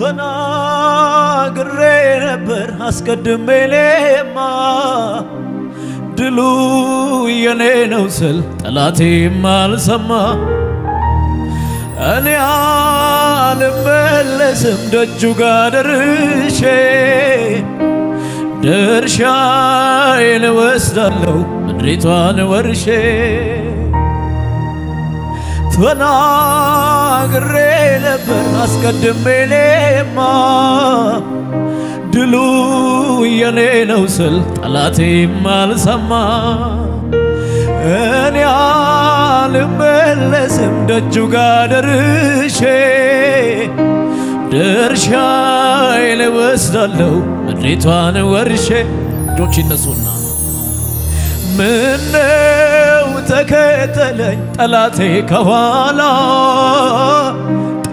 ተናግሬ ነበር አስቀድሜ ሌማ ድሉ የኔ ነው ስል ጠላቴም አልሰማ። እኔ አልመለስም ደጁ ጋር ደርሼ ድርሻዬን እወስዳለሁ ምድሪቷን ወርሼ ተናግሬ ነበር አስቀድሜ እኔማ ድሉ የኔ ነው ስል ጠላቴም አልሰማ። እኔ አልመለስም ደጁ ጋ ደርሼ ድርሻዬን እወስዳለሁ ምድሪቷን ወርሼ እጆች ይነሱና ምነው ተከተለኝ ጠላቴ ከኋላ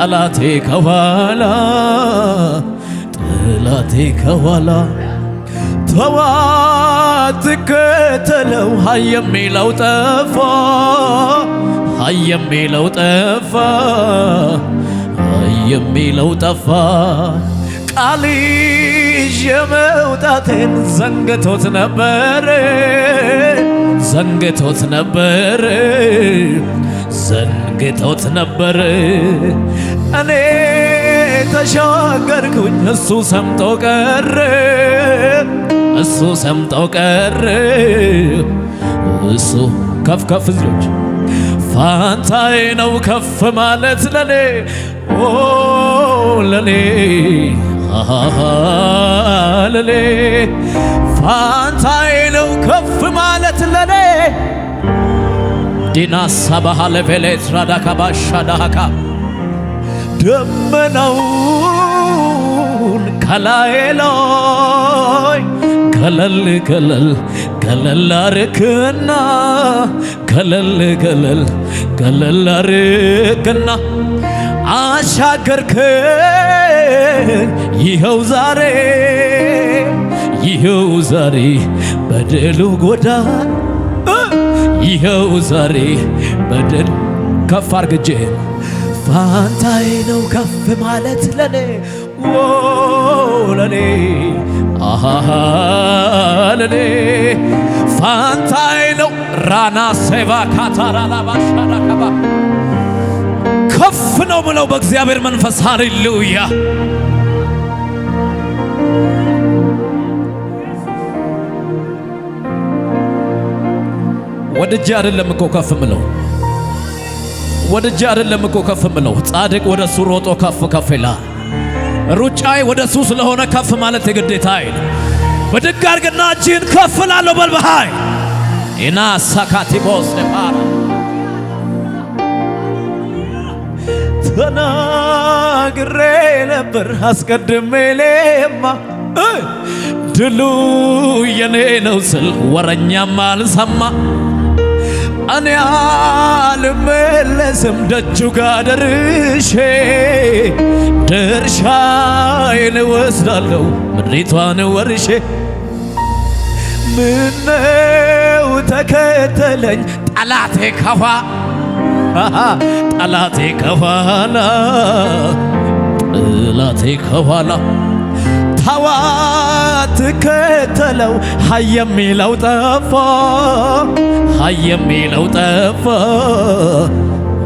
ጠላቴ ከኋላ ጠላቴ ከኋላ ተዋት ትከተለው ሃይ የሚለው ጠፋ ሃይ የሚለው ጠፋ ሃይ የሚለው ጠፋ ቃል ይዤ ዘንግቶት ነበረ ዘንግቶት ነበር ዘንግቶት ነበር እኔ ተሻገርኩኝ እሱ ሰምጦ ቀረ እሱ ሰምጦ ቀረ እሱ ከፍ ከፍ ልጆች ፋንታይ ነው ከፍ ማለት ለኔ ለኔ ለኔ ፋንታዬ ነው ከፍ ማለት ለኔ ዲናሳ ባህለ ቬሌት ራዳካ ባሻ ዳካ ደመናውን ከላይ ላይ ገለል ገለል ገለል አርክና ገለል ገለል ገለል አርክና አሻገርክ ይኸው ዛሬ ይኸው ዛሬ በደሉ ጎዳ ይኸው ዛሬ በደል ከፍ አርግጄ ፋንታዬ ነው ከፍ ማለት ለኔ ለኔ ለኔ ፋንታዬ ነው ራና ሴባ ካታራላባሻራከባ ከፍ ነው ምለው በእግዚአብሔር መንፈስ ሃሌሉያ ወድጄ አይደለም እኮ ከፍ ምለው ወድጄ አይደለም እኮ ከፍ ምለው። ጻድቅ ወደ እሱ ሮጦ ከፍ ከፍ ይላል። ሩጫዬ ወደ እሱ ስለሆነ ከፍ ማለት የግዴታ አይል። በድግ አድርግና እጅህን ከፍ ላለው በልበሃይ ኢና ሳካቲቦስ ነፓራ ተናግሬ ነበር አስቀድሜ ሌማ ድሉ የኔ ነው ስል ወረኛም አልሰማ እኔ አልመለስም ደጁ ጋር ደርሼ ድርሻዬን እወስዳለሁ ምድሪቷን ወርሼ ምነው ተከተለኝ ጠላቴ ከኋ ጠላቴ ከፋላ ጠላቴ ከኋላ ሐዋት ትከተለው ሀይ የሚለው ጠፋ፣ ሀይ የሚለው ጠፋ፣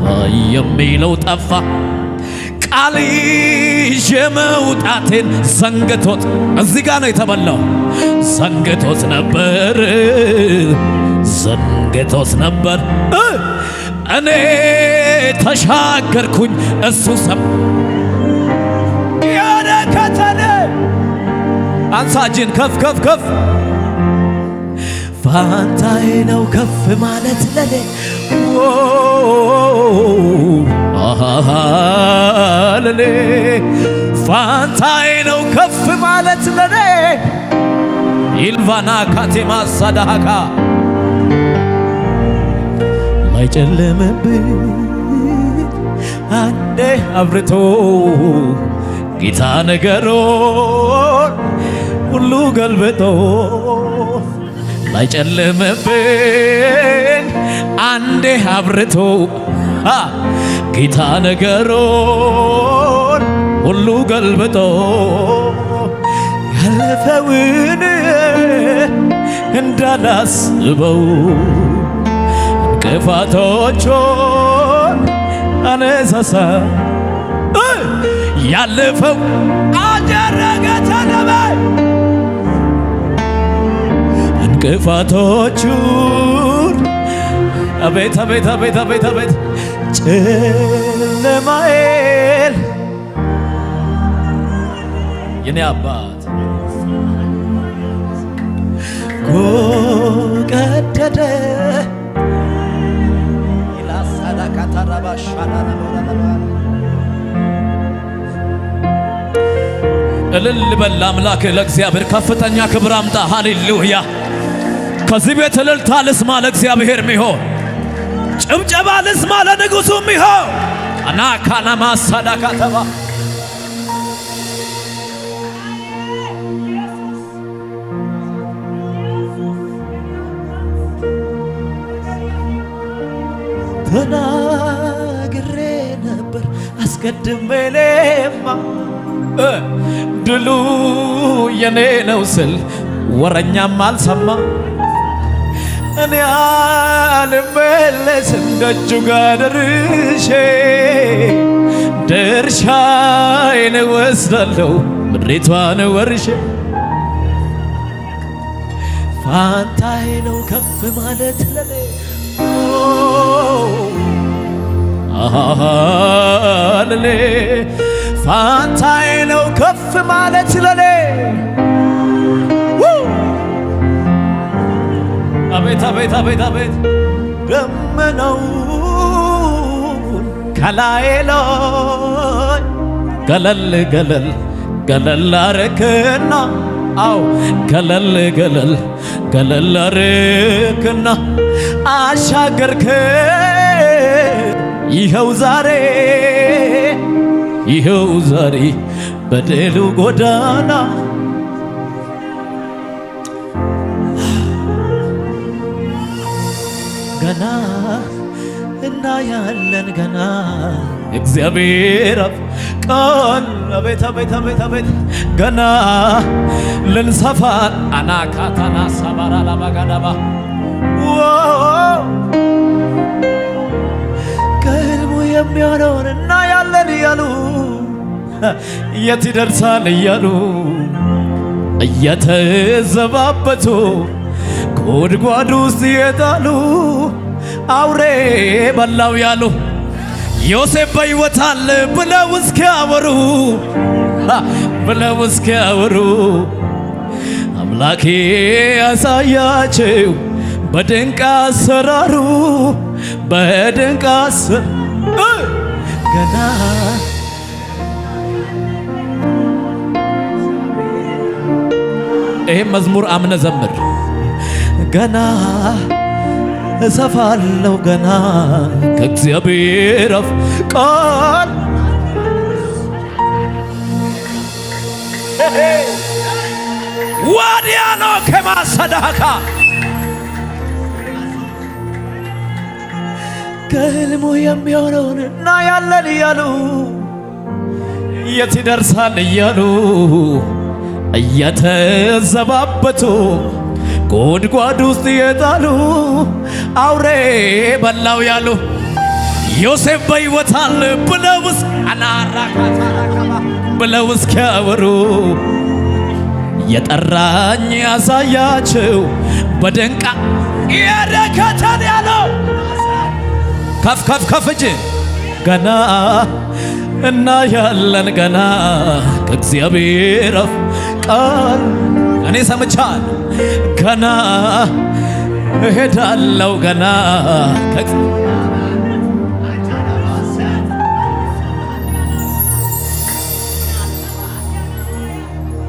ሀይ የሚለው ጠፋ። ቃል ይዤ መውጣቴን ዘንግቶት እዚህ ጋ ነው የተበላው። ዘንግቶት ነበር፣ ዘንግቶት ነበር። እኔ ተሻገርኩኝ እሱ ሰም ያደከተኔ አንሳ እጅን ከፍ ከፍ ከፍ ፋንታዬ ነው ከፍ ማለት ለኔ ለኔ ፋንታዬ ነው ከፍ ማለት ለኔ ይልቫና ካቴማ ሳዳሃካ ማይጨለምብኝ አንዴ አብርቶ ጌታ ነገሮ ሁሉ ገልብጦ ላይጨልምብን አንዴ አብርቶ ጌታ ነገሮን ሁሉ ገልብጦ ያለፈውን እንዳላስበው እንቅፋቶቹን አነሳሳ ያለፈው አደረገ እንቅፋቶቹን አቤት አቤት አቤት አቤት አቤት ጨለማዬን የኔ አባት ጎቀደደ እልል በል አምላክ ለእግዚአብሔር ከፍተኛ ክብር አምጣ። ሃሌሉያ ከዚህ ቤት እልልታ ልስማ ለእግዚአብሔር ሚሆን ጭምጨባ ልስማ ለንጉሡ ሚሆን እና ካናማ ሳዳካ ተባ ተናግሬ ነበር አስቀድሜ ሌማ ድሉ የኔ ነው ስል ወረኛም አልሰማ እኔ አልመለስም ደጁ ጋር ደርሼ ድርሻዬን እወስዳለሁ ምድሪቷን ወርሼ ፋንታዬ ነው ከፍ ማለት ለኔ ለኔ ፋንታዬ ነው ከፍ ማለት ለኔ አቤት አቤት አቤት አቤት ደመናውን ከላይ ላይ ገለል ገለል ገለል አረክና አው ገለል ገለል ገለል አረክና አሻገርክ ይኸው ዛሬ ይኸው ዛሬ በደሉ ጎዳና ገና እና ያለን ገና እግዚአብሔር ቀን አቤት አቤት አቤት አቤት ገና ልንሰፋ አናካታና ሰባራ ላባጋዳባ ከህልሙ የሚሆነውን እና ያለን እያሉ የት ይደርሳል እያሉ እየተዘባበቱ ጉድጓድ ውስጥ የጣሉ አውሬ በላው ያሉ ዮሴፍ በሕይወት አለ ብለው እስኪያወሩ ብለው እስኪያወሩ አምላኬ ያሳያቸው በድንቅ አሰራሩ በድንቅ ገና ይህም መዝሙር አምነ ዘምር ገና እሰፋለሁ ገና ከእግዚአብሔር አፍ ቃል ወዲያ ነው ከማሰዳካ ከህልሙ የሚሆነውን እና ያለን እያሉ የት ይደርሳል እያሉ እየተዘባበቱ ጉድጓድ ውስጥ የጣሉ አውሬ በላው ያሉ ዮሴፍ በሕይወት አለ ብለውስ አናራካታራካባ ብለውስ የጠራኝ ያሳያችው በደንቃ የደከተን ያለው ከፍ ከፍ ከፍ እጅ ገና እና ያለን ገና ከእግዚአብሔር አፍ ቃል እኔ ሰምቻል። ገና እሄዳለው ገና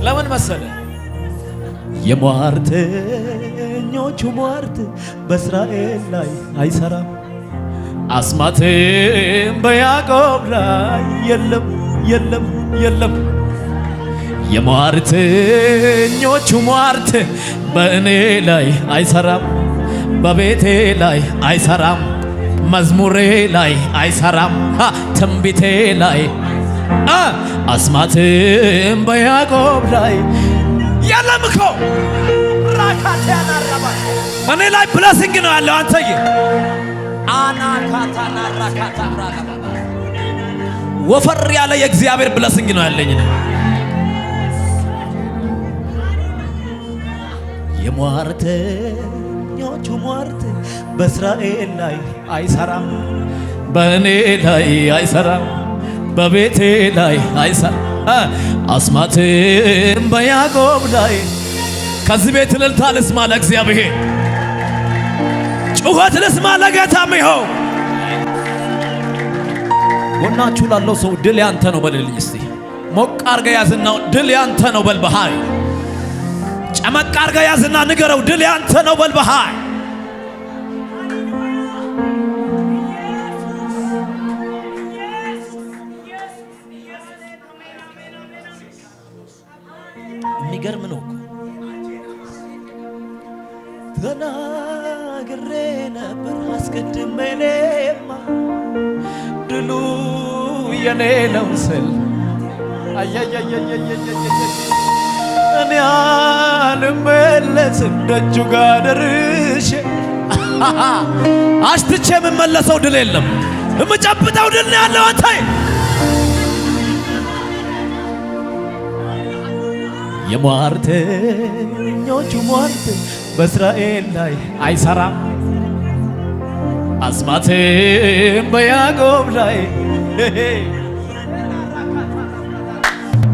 ለምን መሰለ የሟርተኞቹ ሟርት በእስራኤል ላይ አይሰራም፣ አስማትም በያዕቆብ ላይ የለም የለም የለም የሟርተኞቹ ሟርት በእኔ ላይ አይሰራም፣ በቤቴ ላይ አይሰራም፣ መዝሙሬ ላይ አይሰራም፣ ትንቢቴ ላይ አስማትም በያዕቆብ ላይ የለም እኮ ራካት ያናረባ እኔ ላይ ብለሲንግ ነው ያለው አንተዬ አናካታናራካታ ወፈር ያለ የእግዚአብሔር ብለሲንግ ነው ያለኝ ነው የሟርተኞቹ ሟርት በእስራኤል ላይ አይሰራም፣ በእኔ ላይ አይሰራም፣ በቤቴ ላይ አይሰራም። አስማትም በያዕቆብ ላይ ከዚህ ቤት ልልታ ልስማ ለእግዚአብሔር ጩኸት ልስማ ለጌታ ይኸው ጎናችሁ ላለው ሰው ድል ያንተ ነው በልልኝ እስቲ ሞቅ አርገ ያዝናው ድል ያንተ ነው በል በሃይ ጨመቅ አርጋ ያዝና ንገረው፣ ድል ያንተ ነው በልበሃ የሚገርም ነው። ተናግሬ ነበር አስቀድሜ እኔማ ድሉ የኔ ነው ስል ያን ያልመለስም ደጁ ጋር ደርሼ አሽትቼ የምመለሰው ድል የለም። የምጨብጠው ድል ያለው አንተ የሟርተኞቹ ሟርት በእስራኤል ላይ አይሰራም፣ አስማትም በያዕቆብ ላይ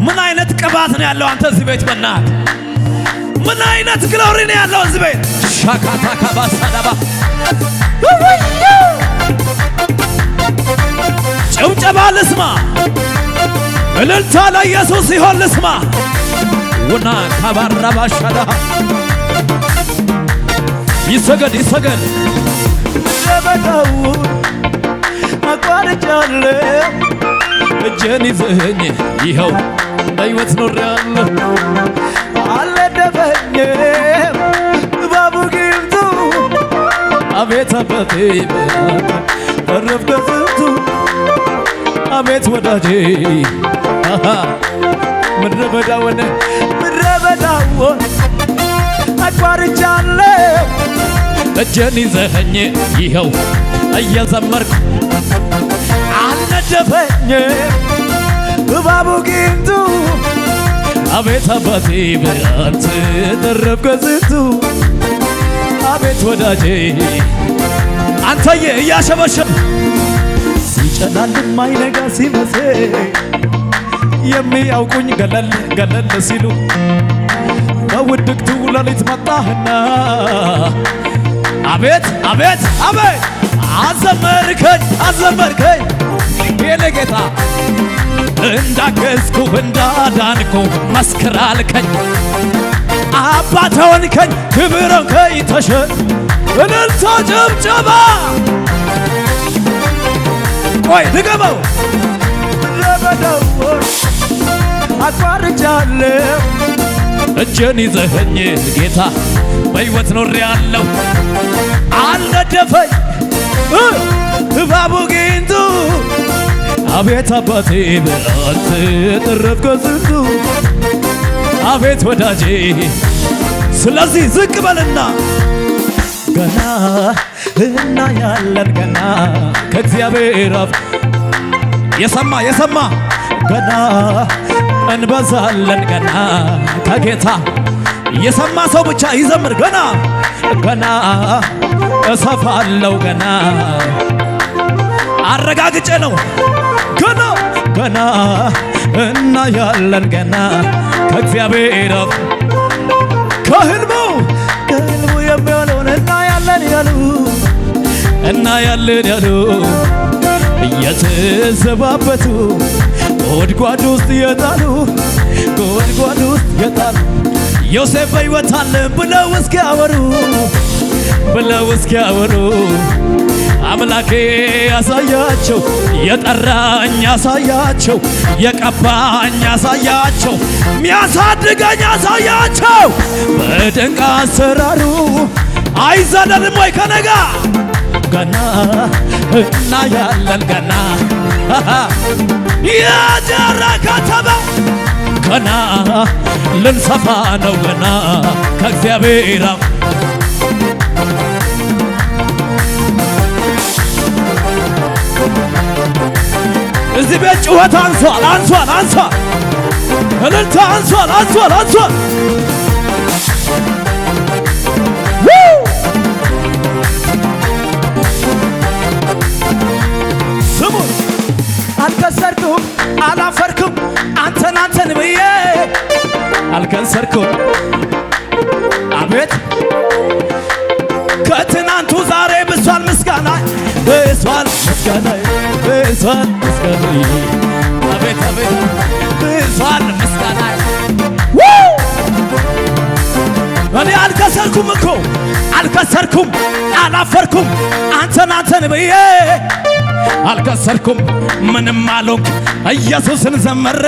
ምን አይነት ቅባት ነው ያለው አንተ እዚህ ቤት በናት ምን አይነት ግሎሪ ነው ያለው እዚህ ቤት ሻካታ ካባሳዳባ ጭብጨባ ልስማ፣ እልልታ ለኢየሱስ ሲሆን ልስማ ውና ካባራባ ሻዳ ይሰገድ ይሰገድ ሸበታውን አቋርጫለ እጄን ይዘኝ ይኸው አንድ ኖሬያለሁ አልነደፈኝም እባቡ ጊብቱ አቤት አባቴ በተረፍ ከስንቱ አቤት ወዳጄ ምድረ በዳውን ምድረ በዳውን አቋርጫለሁ እጄን ይዘኸኝ ይኸው እየዘመርኩ አልነደፈኝም እባቡ ጊንጡ አቤት አባቴ በአንተ ተረብከ ዝንቱ አቤት ወዳጄ አንተዬ እያሸበሸብ ሲጨላልም ማይነጋ ሲመስል የሚያውቁኝ ገለል ገለል ሲሉ በውድቅቱ ለሊት መጣህና አቤት አቤት አቤት አዘመርከኝ አዘመርከኝ የኔ ጌታ እንዳገዝኩ እንዳዳንኩ መስክር አልከኝ አባት ሆንከኝ ክብር ሆንከኝ ተሸን እልልታ ጭብጨባ ቆይ ድገመው ለበደው እጄን ይዘኸኝ ጌታ በሕይወት ኖሬ ያለው አልነደፈኝ እባቡ ጊንቱ አቤት አባቴ በአንተ ጥረት ስንቱ አቤት ወዳጄ ስለዚህ ዝቅ በልና ገና ያለን ገና ከእግዚአብሔር አፍ የሰማ የሰማ ገና እንበዛለን ገና ከጌታ የሰማ ሰው ብቻ ይዘምር ገና ገና እሰፋለሁ ገና አረጋግጬ ነው ገና ገና እናያለን ገና ከእግዚአብሔር አፍ ከህልሙ ከህልሙ የሚሆነውን እናያለን ያሉ እናያለን ያሉ እየተዘባበቱ ጎድጓድ ውስጥ የጣሉ ጎድጓድ ውስጥ የጣሉ ዮሴፍ በሕይወት አለ ብለው እስኪያወሩ ብለው እስኪያወሩ አምላኬ ያሳያቸው፣ የጠራኝ ያሳያቸው፣ የቀባኝ ያሳያቸው፣ ሚያሳድገኝ ያሳያቸው። በድንቅ አሰራሩ አይዘለልም ወይ ከነጋ ገና እና ያለን ገና የደረ ከተማ ገና ልንሰፋ ነው ገና ከእግዚአብሔር ከዚህ ቤት ጩኸት አንሷል፣ አንሷል፣ አንሷል። እልልታ አንሷል፣ አንሷል፣ አንሷል። ስሙ አልከሰርክሁም፣ አላፈርክም አንተን አንተን ብዬ አልከንሰርክሁም። አቤት ከትናንቱ ዛሬ ብሷል ምስጋና ብሷል ምስጋና ብሷል ምስጋና አቤት አቤት ብሷል ምስጋና እኔ አልከሰርኩም እኮ አልከሰርኩም አላፈርኩም አንተን አንተን ብዬ አልከሰርኩም ምንም አልሆንክ ኢየሱስን ዘመሬ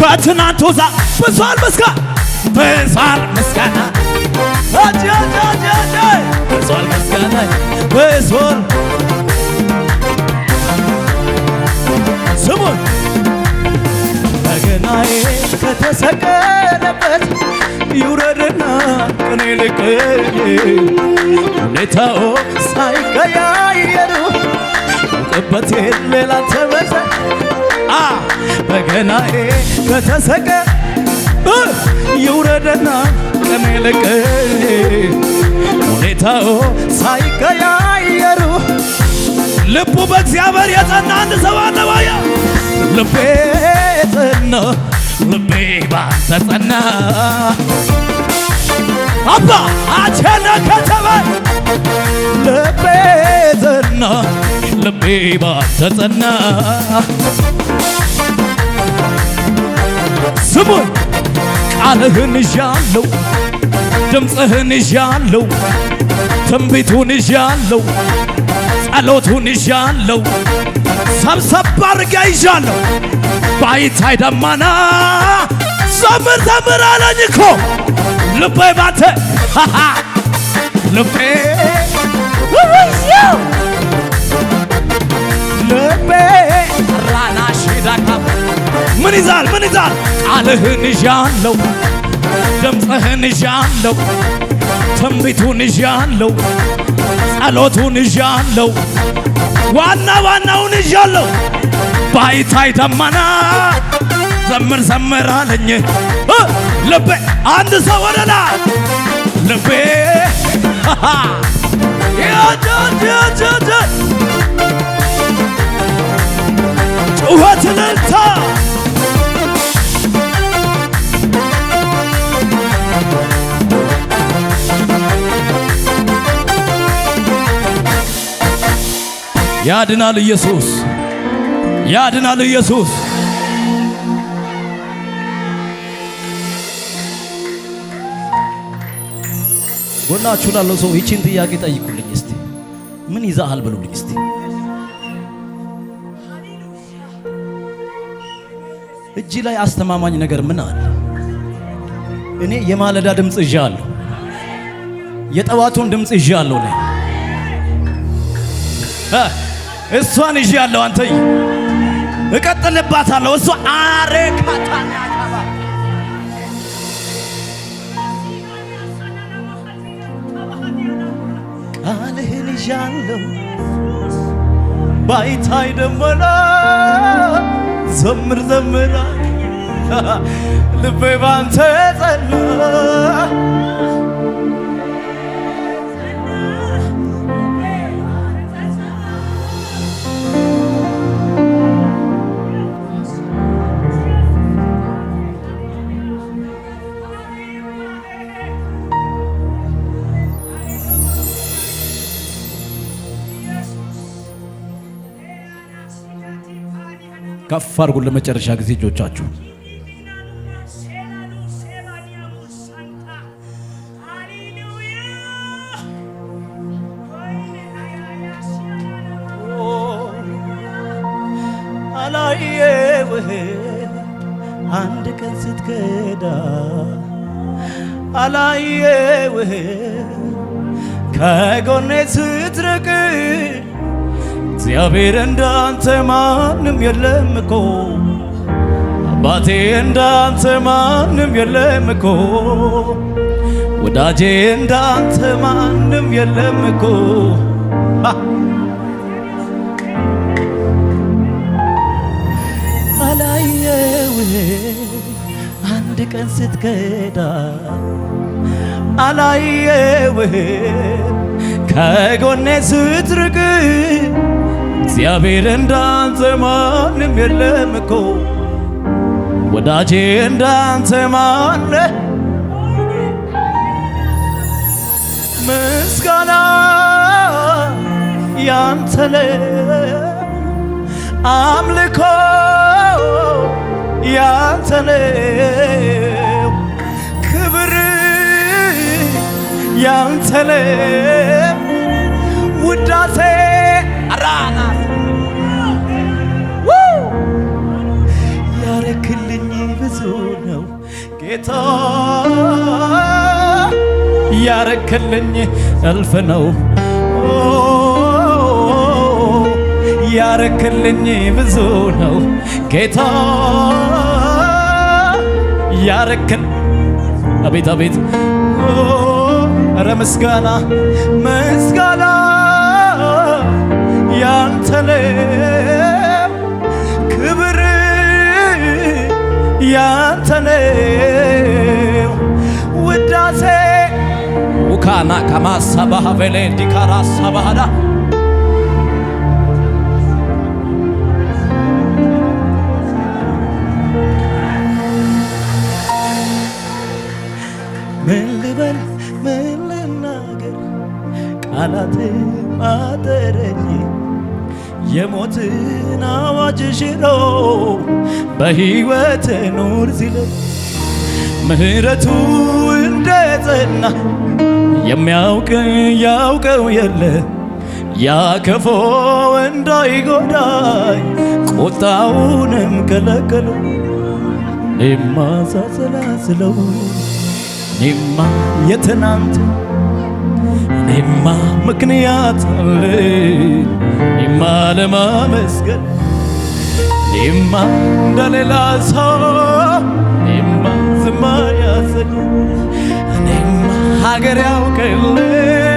ከትናንቱ ዛ ብሷል ምስጋ ብሷል ምስጋና ብሷል ምስጋና ብሷል ስሙ በገናዬ ከተሰቀለበት ይውረድና ቅኔ ልቅኝ ሁኔታው ሳይቀያየሩ እውቅበት ሌላ ተበዘ በገናዬ ከተሰቀ ይውረድና ቅኔ ልቅኝ ሁኔታው ሳይቀያየሩ ልቡ በእግዚአብሔር የጸና አንድ ሰው አለ። ባያ ልቤ ጸና፣ ልቤ ባንተ ጸና። አባ አቸነ ከተማ ልቤ ጸና፣ ልቤ ባንተ ጸና። ስሙን ቃልህን እዣለው ድምፅህን እዣለው ትንቢቱን እዣለው። ጸሎቱን ይዣለሁ፣ ሰብሰብ አርጋ ይዣለሁ። ባይታይ ደመና ዘምር ዘምር አለኝ እኮ ልቤ ባንተ ልቤ ምን ይዛል ምን ይዛል ቃልህን ይዣለሁ፣ ድምፅህን ይዣለሁ፣ ትንቢቱን ይዣለሁ ጸሎቱን ይዣለው ዋና ዋናውን ይዣለው ባይታይ ደመና ዘምር ዘምር አለኝ ልቤ አንድ ሰው ወደላ ልቤ ጩኸት ልልታ ያድናል ኢየሱስ፣ ያድናል ኢየሱስ። ጎናችሁ ላለው ሰው ይቺን ጥያቄ ጠይቁልኝ እስቲ። ምን ይዛሃል በሉልኝ እስቲ። እጅ ላይ አስተማማኝ ነገር ምን አለ? እኔ የማለዳ ድምፅ እዣለሁ? የጠዋቱን ድምፅ ይዣለሁ። ላይ እሷን ይዤ ያለው አንተ እቀጥልባታለሁ። እሷ አሬካታና ቃልህን ይዣለሁ ባይታይ ደመና ዘምር ዘምራ ልቤ ባንተ ጸና ከፍ አድርጉን ለመጨረሻ ጊዜ እጆቻችሁ አንድ ቀን ስትከዳ አላየውህ ከጎኔ ስትርቅ እግዚአብሔር እንዳንተ ማንም የለም እኮ አባቴ እንዳንተ ማንም የለም እኮ ወዳጄ እንዳንተ ማንም የለም እኮ አላየውህ አንድ ቀን ስትከዳ አላየውህ ከጎኔ ስትርቅ እግዚአብሔር እንዳንተ ማንም የለም እኮ ወዳጄ እንዳንተ ማነ ምስጋና ያንተለ አምልኮ ያንተለ ክብር ያንተለ ነው ጌታ ያረክልኝ እልፍ ነው ያረክልኝ ብዙ ነው ጌታ ያረክል አቤት አቤት ረ ምስጋና ምስጋና ያንተነ ያንተነው ውዳሴ ውካና ከማሰባህ በሌ እንዲካራ ሰባህዳ ምን ልበል ምን ልናገር ቃላት ማጠረኝ የሞትን አዋጅ ሽሮ በሕይወት ኑር ሲለ ምሕረቱ እንደ ጸና የሚያውቅ ያውቀው የለ ያከፎ እንዳይጎዳይ ቁጣውንም ከለከለ። እኔማ ሳሰላስለው እኔማ የትናንት እኔማ ምክንያት አለኝ እኔማ ለማመስገን እኔማ እንደሌላ ሰው እኔማ ዝም አያሰኝ እኔማ ሀገር ያውቀልኝ